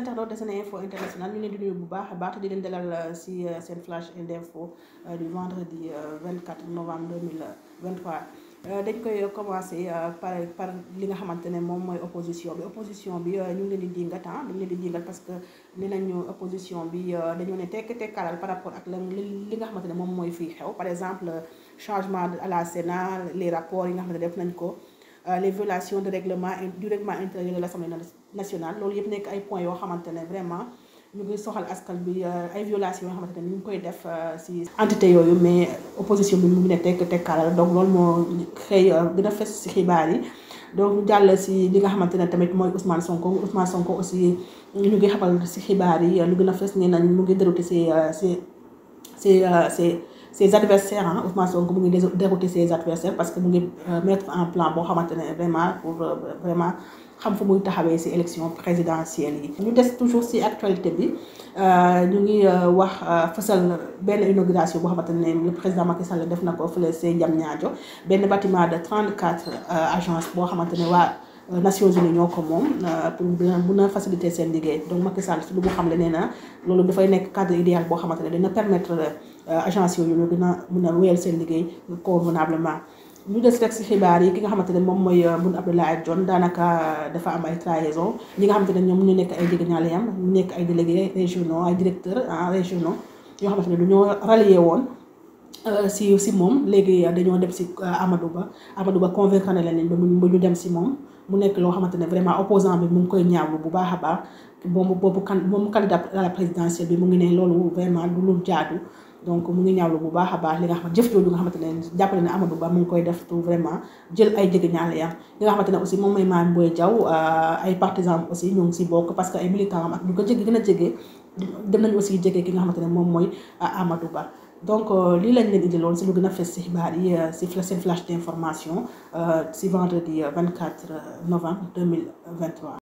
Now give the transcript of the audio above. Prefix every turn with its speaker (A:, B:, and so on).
A: internautes de Sene Info International ñu leen di nuyu bu baax a baax di leen dalal si euh, euh, seen flash d'info euh, du vendredi 24 novembre 2023. dañ koy commencé par par li nga xamante ne moom mooy opposition bi opposition ñu ngi leen di dingat ah dañu di dingat parce que nee nañu opposition bi dañoo ne tekk tekkaaral par rapport ak li nga xamante ne moom mooy fi xew par exemple changement à la Sénat les rapports yi nga xamante ne def nañ ko. Euh, les violations de règlement du règlement intérieur de l'Assemblée nationale loolu yëpp nekk ay points yoo xamante ne vraiment ñu ngi soxal askan bi euh, ay violations yoo xamante ne ñu ngi koy def euh, ci entité yooyu mais opposition bi mu ngi ne tekk tekkaaral donc loolu moo xëy gën a fes ci xibaar yi donc ñu jàll si li nga xamante ne tamit mooy Ousmane Sonko Ousmane Sonko aussi ñu ngi xamal ci xibaar yi lu gën a fes nee nañ mu ngi dérouté se ci ci ses adversaires ah Ousmane mu ngi dérouter ses adversaires parce que mu ngi euh, mettre en plan boo xamante ne vraiment pour euh, vraiment xam fu muy taxawee si élection présidentielle yi. ñu des toujours si actualité bi euh, ñu ngi wax fësal benn inauguration boo xamante ne président Macky Sall def na ko fële see Diamniadio benn bâtiment de 34 agence boo xamante ne waa. Euh, Nations Unies ñoo ko moom euh, pour mun a faciliter seen liggéey donc Macky Sall si lu mu xamle nee na loolu dafay nekk cadre idéal boo xamante ne dina permettre euh, agence yooyu ñu gën a mun a wéyal seen liggéey convenablement ñu des rek si xibaar yi ki nga xamante ne moom mooy Boun Abdallah Dionne daanaka dafa am ay trahison ñi nga xamante ne ñoom ñu nekk ay jegeñaale am ñu nekk ay délégués régionaux ay directeurs ah, régionaux ñoo xamante ne du ñoo rallié woon Euh, si si moom léegi dañoo dem si euh, Amadou Ba Amadou Ba convaincre na leen ba ñu dem si moom mu nekk loo xamante ne vraiment opposant bi mu ngi koy ñaawlu bu baax a baax boobu boobu kan moom candidat à la bi mu ngi ne loolu vraiment du lu jaadu donc mu ngi ñaawlu bu baax a baax li nga xamante jëf jooju nga xamante ne jàppale ne Amadou Ba mu ngi koy def tout vraiment jël ay jege ñaale yam nga xamante ne aussi moom may Mame Boye Diaw euh, ay partisans aussi ñoo si bokk parce que ay militants am ko jege gën a jege dem nañ aussi jege ki nga xamante ne moom mooy Amadou Ba donc euh, lii lañ leen indiloon si lu gën a fes si xibaar yi euh, si seen flash d' information euh, si vendredi 24 novembre 2023